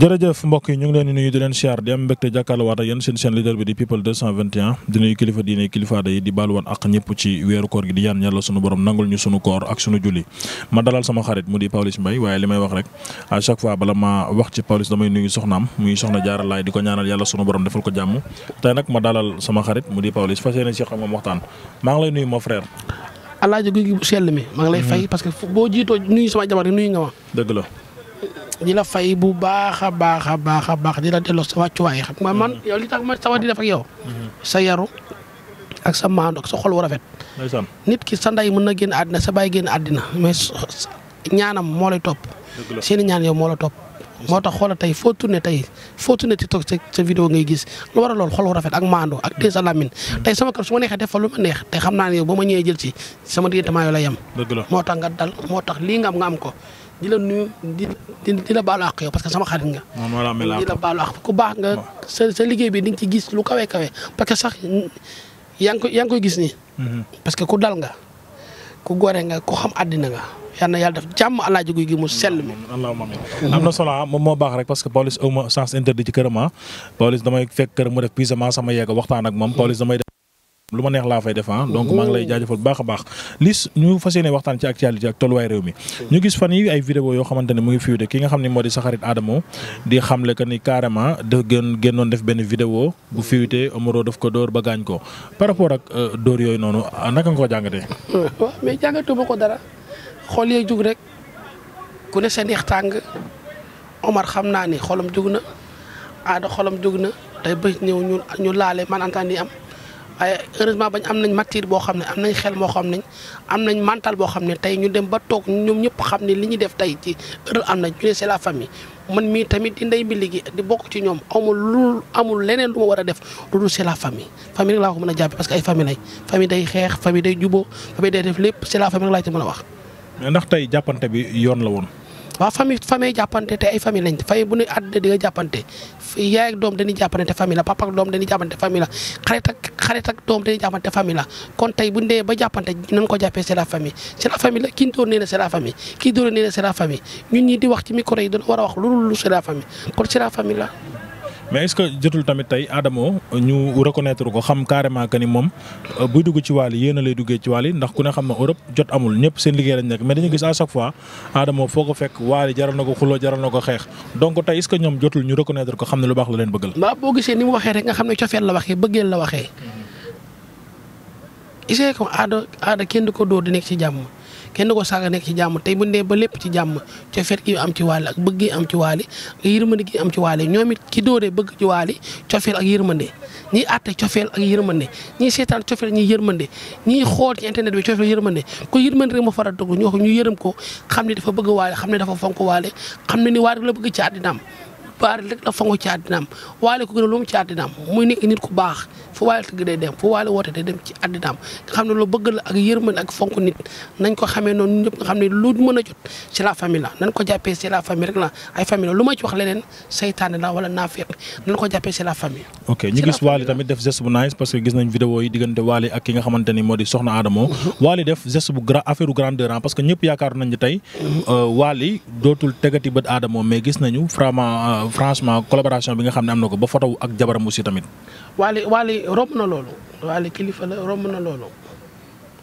jërëjëf mbokk yi ñu ngi leen di nuyu di leen siyaar di am mbégte jàkkaarloo waat ak yéen seen seen leader bi di people di nuyu kilifa yi di baal ak ñëpp ci weeru koor gi di yaan yàlla sunu borom nangul ñu sunu koor ak sunu julli ma dalal sama xarit mu di Pawlish Mbaye waaye li may wax rek à chaque fois bala ma wax ci Pawlish damay nuyu soxnaam muy soxna Jaara di ko ñaanal yàlla sunu borom defal ko jàmm tey nag ma dalal sama xarit mu di Pawlish fas yéene si gi sell mi maa ngi lay mhm. di la fay bu baax a baax a baax a baax di la delloo sa wàccuwaay xam nga man mm-hmm. yow li tax ma sawar di def ak mm-hmm. sa yaru ak sa maandu ak sa xol wu nit ki sa ndey mën na génn àddina sa baay génn àddina mais ñaanam moo lay topp. seeni ñaan yow moo la topp. moo tax xoolal tey foo tourné tey foo tourné TikTok sa sa vidéo ngay gis lu war a lool ak maandu ak tey sa lamin mm-hmm. tey sama kër su ma neexee def fa lu te xam naa ne yow ba ma ñëwee jël si sama diggante maa yow la yem. moo tax nga dal moo tax lii nga am nga am ko. di la nuyu di baalu àq yow parce que sama xarit nga. di la baalu àq ku baax nga sa liggéey bi di nga ci gis lu kawe kawe parce que sax yaa ngi koy koy gis nii. Mhm. parce que ku dal nga ku gore nga ku xam àddina nga. yàlla na yàlla def jàmm alaaji guy gi mu sell mi. am na solo ah, moom moo baax rek parce que Pawlish aw sens interdit ci këram ah damay fekk këram mu def puisamment sama yeeg waxtaan ak moom Pawlish damay. lu ma neex laa fay def ah. donc maa ngi lay jaajëfal bu baax a baax Liss ñu fas yéene waxtaan ci actualité ak tolluwaay réew mi ñu gis fan yi ay vidéo yoo xamante ne mu ngi fiyu de ki nga xam ne moo di sa xarit Adamo di xamle que ni carrément da gën génnoon def benn vidéo bu fiwutee Omaro daf ko dóor ba gaañ ko par rapport ak euh, dóor yooyu noonu naka nga ko jàngatee waaw mais jàngatuma ko dara xool yee jug rek ku ne seen neex tàng Omar xam naa ni xolam jug na Ada xolam jug na day bëj ñëw ñu ñu laale man antaan yi am waaye heureusement bañ am nañ matière boo xam ne am nañ xel moo xam ne am nañ mental boo xam ne tey ñu dem ba toog ñoom ñëpp xam ne li ñu def tey ci heure am nañ ñu ne c'est la famille man mii tamit di ndey bi liggéey di bokk ci ñoom amul lu amul leneen lu war a def lu dul c'est la famille famille laa ko mën a jàppe parce que ay famille lañ famille day xeex famille day juboo famille day def lépp c'est la famille rek laa ci mën a wax. mais ndax tey jàppante bi yoon la woon. waaw famille famille jàppante te ay famille lañ famille bu ñu àdd di nga jàppante yaay ak doom dañuy jàppante te famille la papa doom dañuy jàppante famille la kon tey bu ñu ba jàppante nañ ko jàppee c'est la famille c'est la famille la kii dóor nee na c'est la kii dóor nee na c'est la ñun ñi di wax ci micro yi dañu war a wax loolu lu c'est la famille kon c'est la la mais est que jotul tamit tey Adamo ñu reconnaître ko xam carrément que ni moom euh, buy dugg ci waal yi yéen a lay duggee ci waal yi ndax ku ne xam na Europe jot amul ñëpp seen liggéey lañ nekk mais dañu gis à chaque fois Adamo foo ko fekk waal jaral na ko xuloo jaral na ko xeex donc tey est ñoom jotul ñu reconnaître ko xam ne lu baax la leen bëggal. waaw boo gisee ni mu waxee rek nga xam ne cofeel la waxee bëggeel la waxee. Mm-hmm. gisee ko aada aada kenn du ko kenn ko saaga nekk ci jàmm tey bu ñu dee ba lépp ci jàmm cofeet gi am ci waali ak bëgg gi am ci waali ak yërmande gi am ci waali ñoom it ki dóoree bëgg ci waali cofeel ak yërmande ñiy àtte cofeel ak yërmande ñiy seetaan cofeel ñiy yërmande ñiy xool ci internet bi cofeel yërmande ko yërmande rek ma faral dugg ñu wax ñu yërëm ko xam ne dafa bëgg waali xam ne dafa fonk waali xam ne ni waali la bëgg ci àddinaam baari rek la fangu ci àddinaam waale ko gën a lu mu ci àddinaam muy nekk nit ku baax fu waale tëgg day dem fu waale woote day dem ci àddinaam nga xam ne lu bëgg la ak yërmande ak fonk nit nañ a jot famille la famille lu ma ci wax leneen saytaane la wala naafeq nañ ko jàppee c'est la famille ok ñu gis waale tamit def geste bu nice parce que gis nañ vidéo yi diggante waale ak ki nga xamante ni moo di soxna Adamo mhm. waale def geste bu grand affaire ah, parce que ñëpp franchement collaboration bi nga xam ne am na ko ba photo ak jabaram aussi tamit. Wally Wally romb na loolu Wally kilifa la romb na loolu.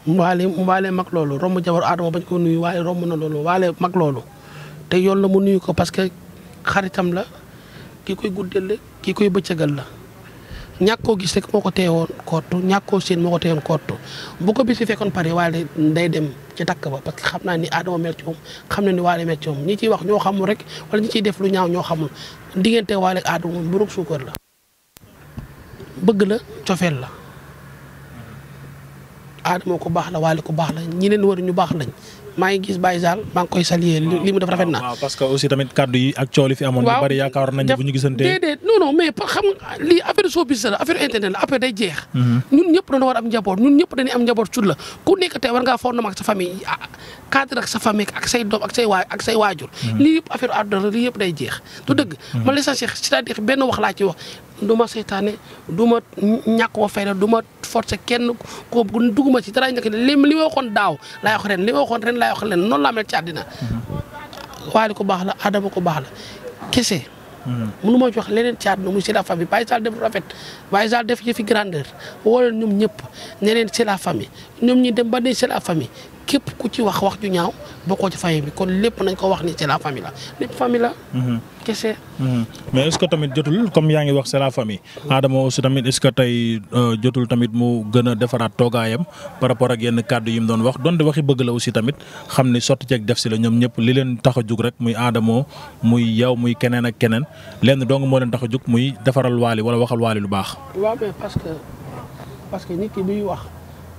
Wally mag loolu romb jabar bañ ko nuyu Wally romb na loolu Wally mag te yoon la mu nuyu ko parce que xaritam la kii koy guddeel la kii koy bëccëgal la. ñàkkoo koo gis rek moo ko teewoon kottu ñàkk koo seen moo ko teewoon kottu bu ko bis bi fekkoon pare waale day dem ci takk ba parce que xam naa ni aadama mel ci xam na ni waale mel ci ñi ciy wax ñoo xamul rek wala ñi ciy def lu ñaaw ñoo xamul diggante waale aadama moom burug suukar la bëgg la cofeel la aadama ko baax la waale ko baax la ñeneen war ñu baax lañ maa gis Baye Sall maa ngi koy saluer li mu def rafet na. parce que aussi tamit kaddu ak ñëpp dañoo war am njaboot ñun ñëpp dañuy am njaboot sut la ku nekk tey war ngaa ah, sa famille ak say doom ak say waajur. Mhm. lii yëpp affaire àdduna lii yëpp day jeex. du dëgg mhm. man l'essentiel c'est-à-dire benn wax laa ci wax du ma seytaane du ma ñàkk wa fayda du ma forcé kenn ko duguma ci dara njëkk li li ma waxoon daaw laay wax ren li ma waxoon ren la wax ren noonu laa mel ci àddina mhm. waaye ko baax la adama ko baax la kese mhm. mënu ma ci wax leneen ci àdduna muy c'est la famille bàyyi saal def rafet bàyyi saal def yëfi grandeur woo leen ñoom ñëpp ne leen c'est la famille ñoom ñi dem ba ne c'est famille képp ku ci wax wax ju ñaaw bokkoo ci famille bi kon lépp nañ ko wax ni c'est la famille la lépp famille la. Mhm. kese. Mhm. mais est tamit jotul comme yaa ngi wax c'est la famille. aussi tamit est tey euh, jotul tamit mu gën a defaraat toogaayam par ak yenn kàddu yi mu doon wax donte waxi bëgg la aussi tamit xam ni sotti ceeg def si la ñoom ñëpp li leen tax a jug rek muy Adama muy yow muy keneen ak keneen lenn dong moo leen tax a jug muy defaral waali wala waxal waali lu baax. waaw mais parce que parce que nit ki buy wax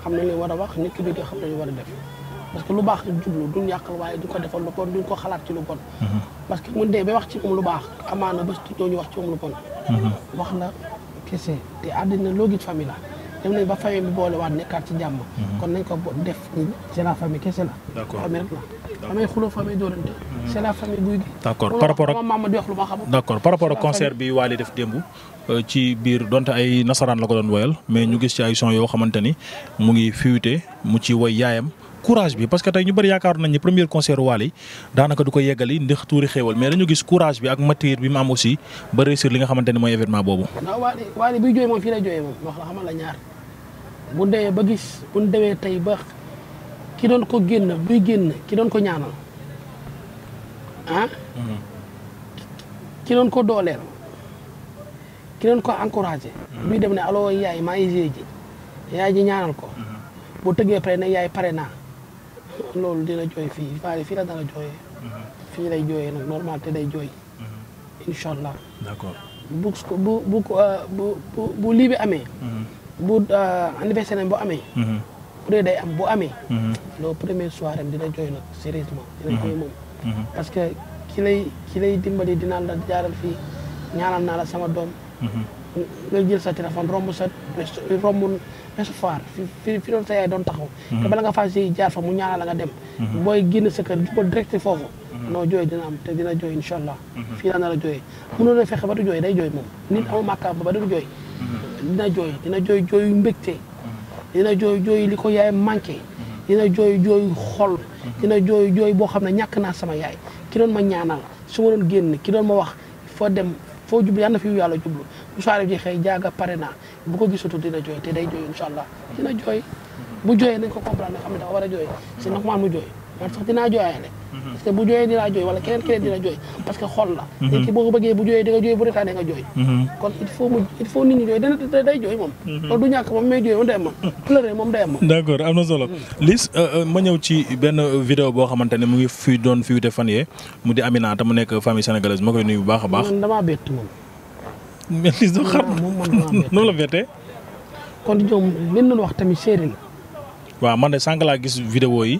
xam nañ li war a wax a parce que lu baax ak jublu waaye duñ ko defal lu bon ko xalaat ci lu mhm. parce que mun wax lu baax amaana bés ñu wax mhm. wax la kese te àddina loo gis famille la dem nañ ba famille bi boolewaat nekkaat ci jàmm. Mhm. kon nañ ko def c'est kese la. d'accord famille rek la famille par rapport a maam di wax lu ma xam. d'accord par rapport ak concert bi Wally def démb. Euh, ci biir donte ay nasaraan la ko doon woyal mais ñu gis ci ay son yoo xamante ni mu ngi fuité mu ci woy yaayam courage bi parce que tey ñu bëri yaakaaru nañ ne premier concert Wally daanaka du ko yeggali ndax tuuri xéewal mais dañu gis courage bi ak matière bi mu am aussi ba réussir li nga xamante ne mooy événement boobu. waaw Wally Wally biy jooy moom fii lay jooyee moom wax la ba gis bu demee tey ba ki doon ko génn buy génn ki doon ko ñaanal ah. Mhm. ki doon ko dooleel ki doon ko encouragé. buy mhm. dem ne aloo yaay maa ngi yaay ji ñaanal ko. Mhm. boo tëggee pare ne yaay pare naa. loolu dina jooy fii faari fii la dana jooyee mhm. fii lay jooyee nag normal te day jooy mhm. incha allah d'accord ah, bu bu bu lii bi amee mhm. bu ah, anniversaire am bu amee bu dee day am bu amee loolu premier soir am dina jooy nag sérieusement dina jooy moom parce que ki lay ki lay dimbali dinaan la jaaral fii ñaanal naa la sama doom nga jël sa téléphone romb sa romb resu fi fi doon sa yaay doon taxaw mhm. bala nga faa si jaar fa mu ñaanal la nga dem mhm. booy génn sa kër di ko direct foofu mhm. non jooy dina am te dina jooy incha allah fii laa nar a jooyee mënoon fexe ba du jooy day jooy moom nit amul màkkaam ba ba du jooy dina jooy dina jooy jooyu mbégte dina jooy jooy li ko yaay manqué dina jooy jooy xol dina jooy jooy boo xam ne ñàkk naa sama yaay ki doon ma ñaanal su ma doon génn ki doon ma wax foo dem foo jublu yàlla na fi yàlla jublu bu soirée bi jeexee jaaga pare naa bu ko gisatul dina jooy te day jooy incha allah dina jooy bu jooyee nañ ko comprendre nga xam ne dafa war a jooy c'est normal mu jooy man mhm. bu jooyee dinaa jooy wala keneen keneen dina jooy parce que la mhm. nit ki ko bëggee bu jooyee di nga jooy bu retaanee nga jooy mhm. kon il mu jooy day jooy moom loolu du ñàkk moom mais jooy moom day am moom pleurer moom day am euh, euh, ma ci benn vidéo boo xamante ne mu ngi fi doon fi wute fan yee mu di Aminata mu nekk famille sénégalaise ma koy nuyu bu baax a baax damaa bett moom mel ni soo xam noonu la bettee. kon ñoom li ñu wax tamit séeri la. waaw man de sànq laa gis vidéo yi.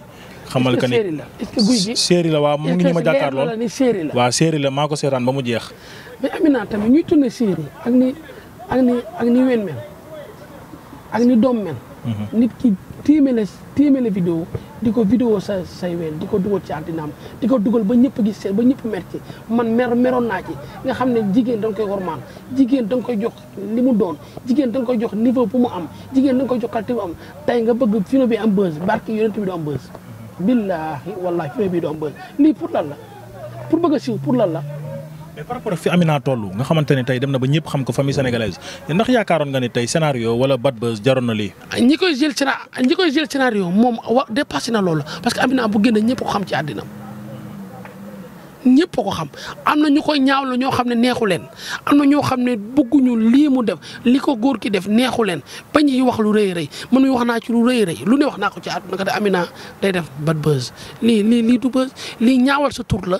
xamal que ni est-ce que guy gi séeri la waaw mu ngi ñu ma jàkkaarloo waaw séeri la maa ko seetaan ba mu jeex. mais Amina tamit ñuy tourné séeri ak ni ak ni ak ni ween mel ak ni doom mel. Mhm. nit ki. téeméer téeméer vidéo di ko vidéo sa say weel di ko dugal ci àddinaam di ko dugal ba ñëpp gis ba ñëpp mer man mer meroon naa ci nga xam ne jigéen danga koy maan jigéen danga koy jox li mu doon jigéen danga koy jox niveau bu mu am jigéen danga koy jox qualité am tey nga bëgg film bi am buzz barki yonent bi du am buzz billaahi wallaahi film bi du am buzz lii pour lan la pour bëgg a siiw pour lan la mais par rapport ak fi Amina toll nga xamante ne tey dem na ba ñëpp xam ko famille sénégalaise ndax yaakaaroon nga ne tey scénario wala bad buzz jaroon na lii. ñi koy jël scénario moom wa na loolu parce que Amina bu génne ñëpp ko xam ci àddina ñëpp ko xam am na ñu koy ñaawlu ñoo xam ne neexu leen am na ñoo xam ne bëgguñu lii mu def li ko góor ki def neexu leen bañ yi wax lu rëy rëy man mi wax naa ci lu rëy rëy lu ne wax naa ko ci àdduna ka te Amina day def bad buzz lii lii lii du buzz lii ñaawal sa tur la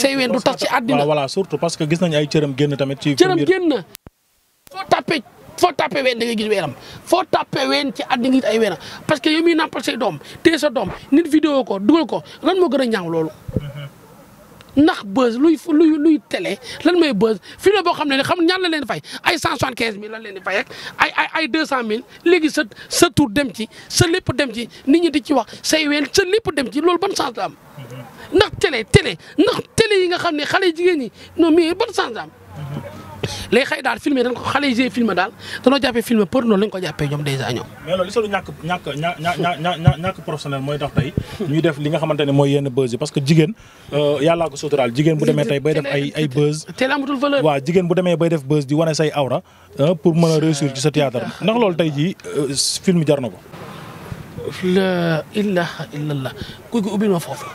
say ween du tas ci àddina voilà surtout parce que gis nañ ay cëram génn tamit. ci cëram génn foo tàppe foo tàppe ween da ngay gis weenam foo tàppe ween ci àddina yi ay weenam parce que yow miy nàmpal say doom téye sa doom nit vidéo ko dugal ko lan moo gën a ñaaw loolu. Mhm. ndax buzz luy luy luy télé lan mooy buzz fii la boo xam ne ne xam ñaan la leen fay ay cent soixante quinze mille lan leen di fay ak ay ay ay deux cent mille léegi sa sa tur dem ci sa lépp dem ci nit ñi di ci wax say ween sa lépp dem ci loolu ban sens am. ndax télé télé ndax télé yi nga xam ne xale yi jigéen ñi non mais ban sens am léegi xëy daal filmé dañ ko xale yi filmé daal danoo jàppee filmé pour noonu lañ ko jàppe ñoom dèjà ñoom mais loolu li solu mooy tax tey ñuy def li nga xamante ne mooy yenn buzz yi parce que jigéen euh, yàllaa ko suturaal jigéen bu demee tey bay def ay ay buzz teel amatul valeur jigéen bu demee bay def buzz di wane say awra euh, pour mën a réussir ci sa théâtre ndax loolu tey jii euh, film jar na ko la ilaha illallah kuy ko ubbil ma foofu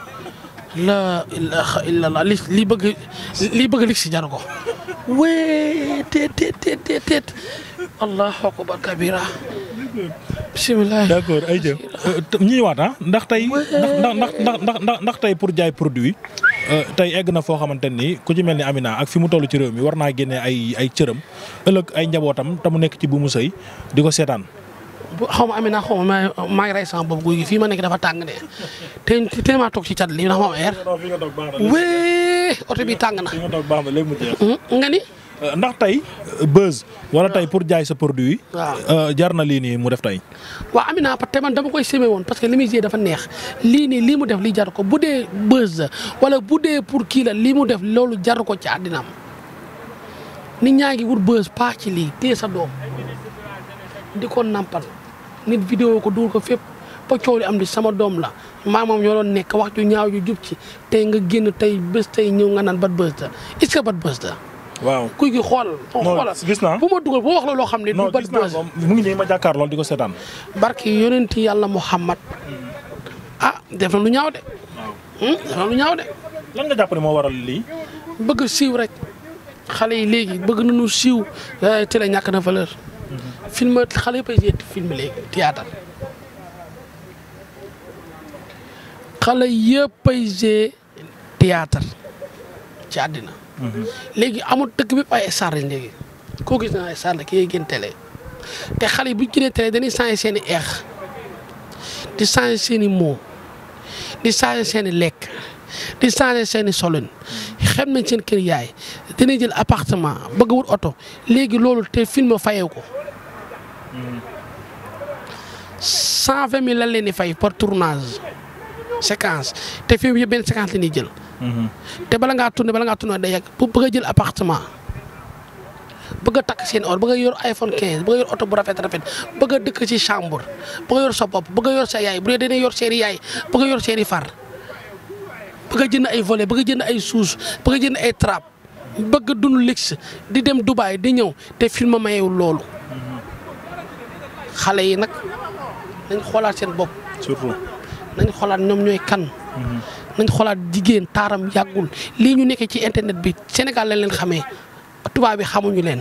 la ilaha illallah li li bëgg li bëgg lig si jaru ko wee teet teet teet allahu akbar kabira bisimilah ay jë ñuy waat ah ndax tey ndax ndax ndax ndax ndax tey pour jaay produit euh, tey egg na foo xamante ni ku ci mel ni Amina ak fi mu toll ci réew mi war naa génnee ay ay cëram ëllëg ay njabootam te mu nekk ci bu mu sëy di ko seetaan xaw ma Amina xaw ma maa ngi rey sama bopp guy fii ma nekk dafa tàng de te te maa toog ci cat lii ndax ma am air. wéé oto bi tàng na. Hmm, nga ni. Euh, ndax tey buzz. wala tey pour jaay sa produit. waaw euh, jar na lii nii mu def tey. waaw Amina te man dama koy semé woon parce que li mu jiyee dafa neex lii nii lii mu def lii jar ko bu dee buzz la wala bu dee pour kii la lii mu def loolu jar ko ci àddinaam nit ñaa ngi wut buzz paax ci lii téye sa doom. di ko nampal nit vidéo ko dugal ko fépp ba coow li am di sama doom la maam moom ñoo doon nekk wax ju ñaaw ju jub ci tey nga génn tey bés tey ñëw nga naan bat bés da est-ce que bat bés da waaw kuy gi xoolal. gis naa bu ma dugal bu wax la loo xam ne. du bat bés mu ngi nii ma jàkkaar lool di ko seetaan. barki yonenti yàlla Muhammad ah def na lu ñaaw de. Hmm, lu ñaaw de. lan nga moo waral lii. bëgg siiw rek xale yi léegi bëgg nañu siiw eh, télé ñàkk na valeur. film xale yëpp ay film léegi théâtre xale yëpp ay jee théâtre ci àddina mhm. léegi amul dëkk bépp ay star lañ léegi koo gis na ay star la ki gën te xale yi bu ñu génnee télé dañuy changé seen i di changé seeni i di changé seeni i lekk di changé seeni i solin xam mhm. nañ seen kër yaay dina jël appartement bëgg wut oto léegi loolu te film fayee ko cent vingt mille lan leen di fay par tournage séquence te film yëpp benn séquence la ñuy jël. te bala ngaa tourné bala ngaa tourné day yàgg bu bëgg a jël appartement bëgg a takk seen or bëgg a yor iPhone 15 yor oto bu rafet rafet bëgg a dëkk ci chambre bëgg a yor sa bopp bëgg yor sa yaay bu dee dañuy yor seeni yaay bëgg a yor seeni far bëgg a jënd ay volet bëgg a jënd ay suus bëgg a jënd ay trap bëgg a dund luxe di dem Dubaay di ñëw te film mayewul loolu. xale yi nag nañ xoolaat seen bopp. surtout nañ xoolaat ñoom ñooy kan. Mhm. nañ xoolaat jigéen taaram yàggul lii ñu nekkee ci internet bi Sénégal lañ leen xamee. tubaab bi xamuñu leen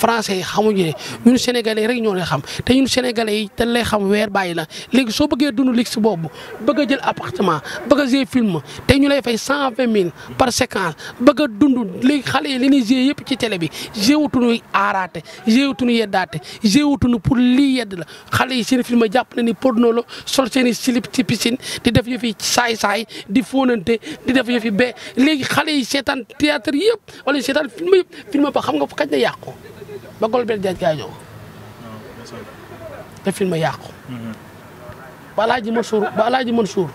français yi xamuñu leen ñun sénégalais rek ñoo leen xam te ñun sénégalais yi dañ lay xam weer bàyyi la léegi soo bëggee dund luxe boobu bëgg a jël appartement bëgg a jouer film ñu lay fay cent vingt mille par séquence bëgg a dund léegi xale yi li ñuy jouer yëpp ci tele bi jouer wutuñu aaraate jouer wutuñu yeddaate jouer wutuñu pour lii yedd la xale yi seen film jàpp na ni porno la sol seen i slip ci piscine di def fi saay-saay di fóonante di def fi bee léegi xale yi seetaan théâtre yëpp wala seetaan film yëpp film ba xam nga kañ la yàqu ba Golbert Diagne gaañoo te film yàqu. ba Alaaji Mansour ba Alaaji Mansour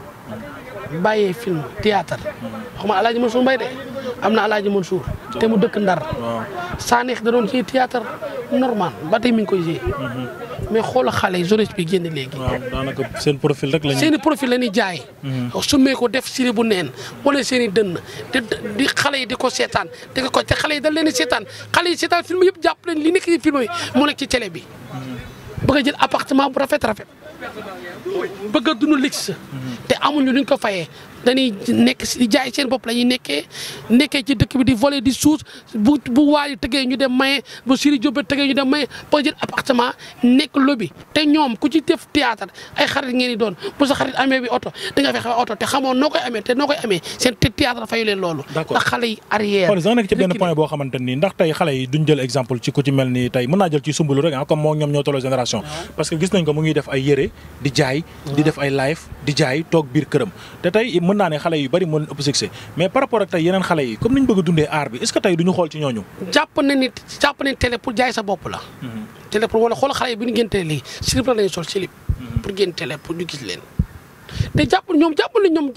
bàyyee film théâtre xam nga Alaaji Mansour mbay de am na Alaaji Mansour te mu dëkk Ndar. Sanekh da doon ci normal ba tey mi koy joué. mais xoola xale yi jeunesse bi génn léegi. waaw daanaka seen profil rek lañuy. seen i profil la ñuy jaay. Mhm. def siri bu neen wala seen i dënn di xale yi di ko seetaan di ko te xale yi dañ leen di seetaan xale yi seetaan film yëpp jàpp leen li nekk ci film yi mu nekk ci télé bi. Mhm. bëgg a jël appartement bu rafet rafet bëgg a dund luxe. Mhm. te amuñu luñ ko fayee dañuy nekk si jaay seen bopp la ñuy nekkee nekkee ci dëkk bi di voler di suus bu bu ñu dem maye bu Siri ñu dem jël appartement nekk lobby te ñoom bi oto da nga fexe oto te xamoo noo koy amee te noo koy amee seen théâtre fayu leen loolu. d'accord ndax xale yi arrière. par nekk ci benn point boo xamante ni ndax tey xale yi duñ jël exemple ci ku ci mel ni tey mën naa jël ci sumbulu rek ah comme ñoom ñoo tolloo génération. parce que gis nañ ko mu ngi def ay yére di jaay. di def ay live di jaay toog biir këram te tey mën naa ne xale yu bari moo leen ëpp succès mais par rapport ak tey yeneen xale yi comme ni ñu bëgg a dundee aar bi est ce que xool ci ñooñu. jàpp na ni jàpp nañ télé mhm. mhm. ñu gis leen. te jàpp na ñoom ñoom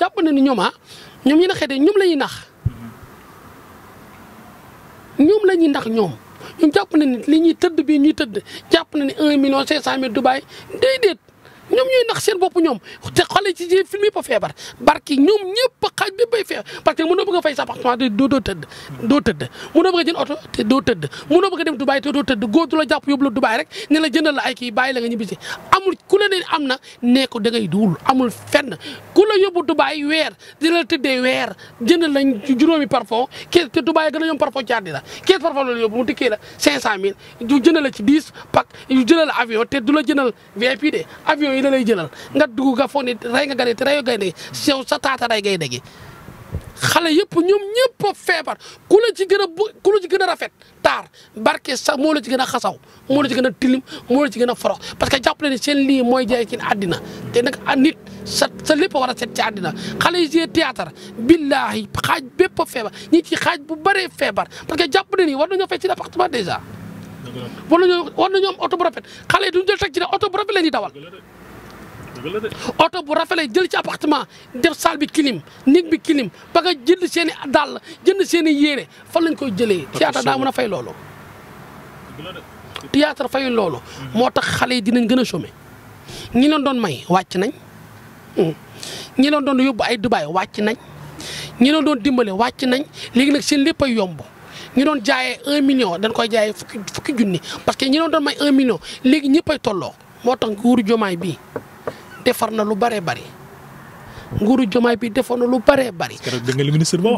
jàpp na ni li tëdd bii ñuy tëdd jàpp na ni 1 million déedéet ñoom ñooy nax seen bopp ñoom te xale ci ci film yëpp a feebar barki ñoom ñëpp a xaaj bépp bay fay sa doo tëdd doo tëdd mënoo bëgg oto te doo tëdd mënoo bëgg a dem Dubaay te doo tëdd góor du la jàpp yóbbu la Dubaay rek ne la jëndal la ay kii bàyyi la nga ñibbisi amul ku la ne am na nee ko da ngay amul fenn ku la yóbbu Dubaay weer di la tëddee weer jën la juróomi parfum kees te Dubaay gën a yomb parfum ci àddina kees parfum la yóbbu mu dikkee la cinq la ci dix pack yu jëndal la avion te du la jëndal yooyu la lay jëlal nga dugg ga foog ne rey nga gaynde te reyoo gaynde gi sew sa taata rey gaynde gi xale yëpp ñoom ñëpp a feebar ku la ci gën a bu ku la gën a rafet taar barke sax moo la ci gën a xasaw moo la ci gën a tilim moo la ci gën a forox parce que jàpp na ne seen lii mooy jaay ci àddina te nag nit sa sa lépp a war a set ci àddina xale yi see théâtre billaahi xaaj bépp a feebar ñi ci xaaj bu bëree feebar parce que jàpp na ni war nañoo fay ci appartement déjà oto bu rafet xale yi duñ jël teg ci ne oto bu rafet la ñuy dawal oto bu rafet lay jël ci appartement def salle bi kilim néeg bi clim ba nga jënd seen i dàll jënd seen i yére fan lañ koy jëlee. théâtre daa mën a fay loolu. théâtre fayul loolu. Mhm. moo tax xale yi dinañ gën a chômer ñi leen doon may wàcc nañ mhm. ñi leen doon yóbbu ay Dubaay wàcc nañ ñi leen doon dimbale wàcc nañ léegi nag seen lépp yomb. ñu doon jaayee un million dañ koy jaaye fukki fukki junni parce que ñi doon doon may un million léegi ñëpp ay tolloo moo tax nguuru jomaay bii defar na lu bare bari nguuru jomaay bi defoon na lu bëree bëri.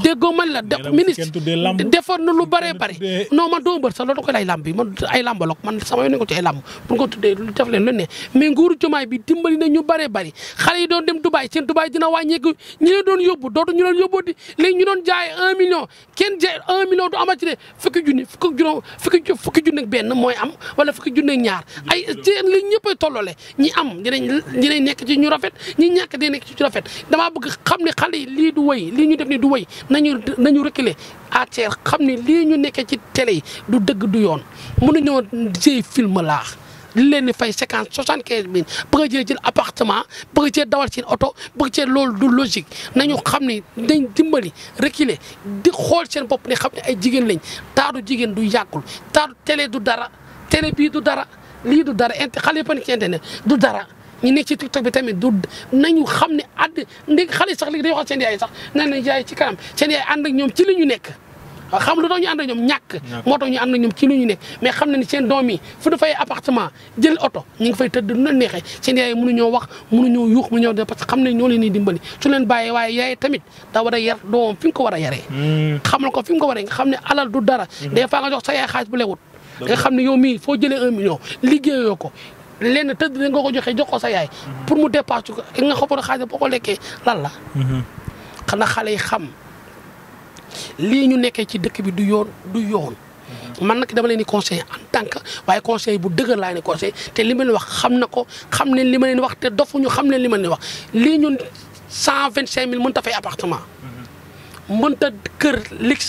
déggoo man la ministre defoon na lu bëree bëri. non man doo mbër sax loolu koy lay làmb bi man ay làmbaloog man sama yoon ko ci ay làmb bu ko tuddee def leen lu ne mais nguuru jomaay bi dimbali na ñu bëree bëri xale yi doon dem Dubaay seen Dubaay dina wàññeeku ñi leen doon yóbbu dootu ñu leen yóbbu di léegi ñu doon jaay un million kenn jaay un million du amati de fukki junni fukki juróom fukki fukki junni ak benn mooy am wala fukki junni ñaar ay ci li ñëppay tolloole ñi am dinañ dinañ nekk ci ñu rafet ñi ñàkk dinañ nekk ci ñu rafet damaa bëgg xam ne xale yi lii du woy lii ñu def ni du woy nañu nañu reculer à terre xam ne lii ñu nekkee ci tele yi du dëgg du yoon mënuñoo jëy film laax li leen di fay séquence soixante quinze mille bëgg cee jël appartement bëgg cee dawal cin oto bëgg cee loolu du logique nañu xam ne dañ dimbali reculer di xool ceen bopp ni xam ne ay jigéen lañ taadu jigéen du yàggul taadu tele du dara télé bii du dara lii du dara inter xale yëpp ci internet du dara ñu nekk ci tiktok bi tamit du nañu xam ne àdd ndég xale sax léegi day wax seen yaay sax nan nañ yaay ci kanam seen yaay ànd ñoom ci li ñu nekk xam lu tax ñu ànd ak ñoom ci li ñu nekk mais xam na ni seen doom yi fu dafay appartement jël oto ñu ngi fay tëdd lu leen neexee seen yaay mënuñoo wax mënuñoo yuux mënuñoo def parce que xam ne ñoo leen di dimbali su leen bàyyee waaye yaay tamit da war a yar doomam fi ko war a yaree hmm. xamal ko fi nga ko war a nga xam ne alal du dara hmm. des fois nga jox sa yaay xaalis bu lewut nga xam ne yow mii foo jëlee un million liggéeyoo ko lenn tëdd nga ko joxe jox ko sa yaay. Mhm. pour mu dépasse ko nga xamoon xaalis boo ko lekkee lan la. Mhm. xanaa xale yi xam lii ñu nekkee ci dëkk bi du yoon du yoon. Mhm. man nag dama leen di conseil en tant que waaye conseil bu dëgër laa ne conseil te li ma wax xam na ko xam ne li ma leen wax te dofuñu xam ne li ma leen wax lii ñu cent vingt cinq mille mënut a fay appartement. mënut a kër ligg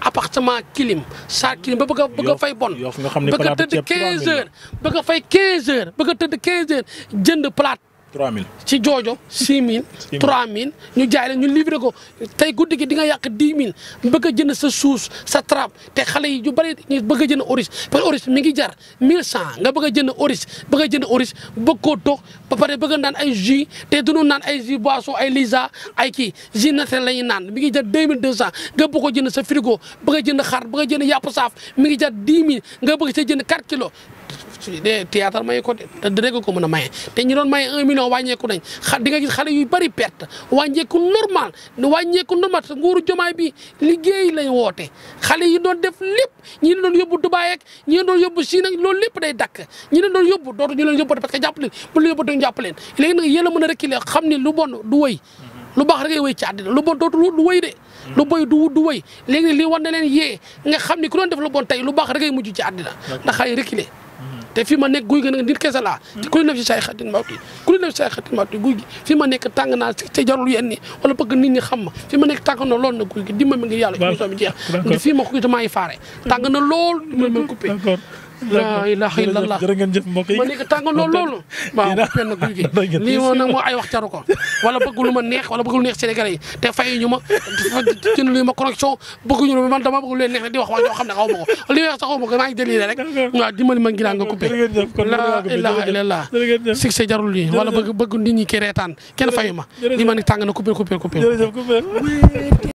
appartement clim saa clim ba bëgg a bëgg a fay bon. bëgg a tëdd 15 heures bëgg a fay 15 heures bëgg a tëdd 15 heures jënd plate. 3000 ci joojo 6000. 6000 3000 ñu jaay la ñu livré ko tey guddi ki di nga yàq 10000 bëgg jënd sa suus sa trap te xale yi yu bëri ñu bëgg a jënd oris parce mi ngi jar 1100 nga bëgg jënd oris bëgg a jënd oris bëgg koo toog ba pare bëgg a naan ay jus te du naan ay jus boisson ay lisa ay kii jus naturel la ñuy naan mi ngi jar 2200 nga bëgg ko jënd sa frigo bëgg jënd xar bëgg a jënd yàpp saaf mi ngi jar 10000 nga bëgg sa jënd 4 kilos. de théâtre maye ko te dina ko ma a maye te ñu doon maye un million wàññeeku nañ xa di nga gis xale yu bëri perte wàññeeku normal wàññeeku normal nguuru jomaay bi liggéey lañ woote xale yi doon def lépp ñi leen doon yóbbu Dubaay ak ñi leen doon yóbbu Chine ak loolu lépp day dakk leen doon yóbbu dootu ñu leen yóbbu parce que jàpp leen bu leen yóbbu duñ jàpp leen léegi nag yéen a mën a reculer xam ni lu bon du wëy lu baax rek ci àddina lu bon dootu du wéy de lu boy du du wéy léegi li war na leen yee nga xam ni ku doon def lu bon tey lu baax rek ngay mujj ci àddina ndax ay reculer te fi ma nekk guy gi nag nit kese laa te mm. ku def si say xatin mawti ku def si say xatin mawti guy gi fi ma nekk tàng naa te jarul yenn ni wala bëgg nit ñi xam ma fi ma nekk tàng na lool na guy gi dimba mi ngi yàlla émission bi jeex fii ma ko itamaay faare tàng na lool ma coupé la ilaha illallah jërë ngeen jëf mbokk yi ma ni ko tàngoon loolu loolu waaw penn guy gi lii moom nag moo ay wax jaru ko wala bëgg lu ma neex wala bëgg lu neex Sénégalais yi te fayu ñu ma jënd luñu ma connexion bëgguñu ma man dama bëgg lu leen neex ne di wax wax yoo xam ne xaw ma ko li wax sax xaw ma ko maa ngi déliré rek waaw dimbali ma ngi nga coupé la ilaha illallah succès jarul lii wala bëgg bëgg nit ñi ki reetaan kenn fayu ma li ma ni tàng na coupé coupé coupé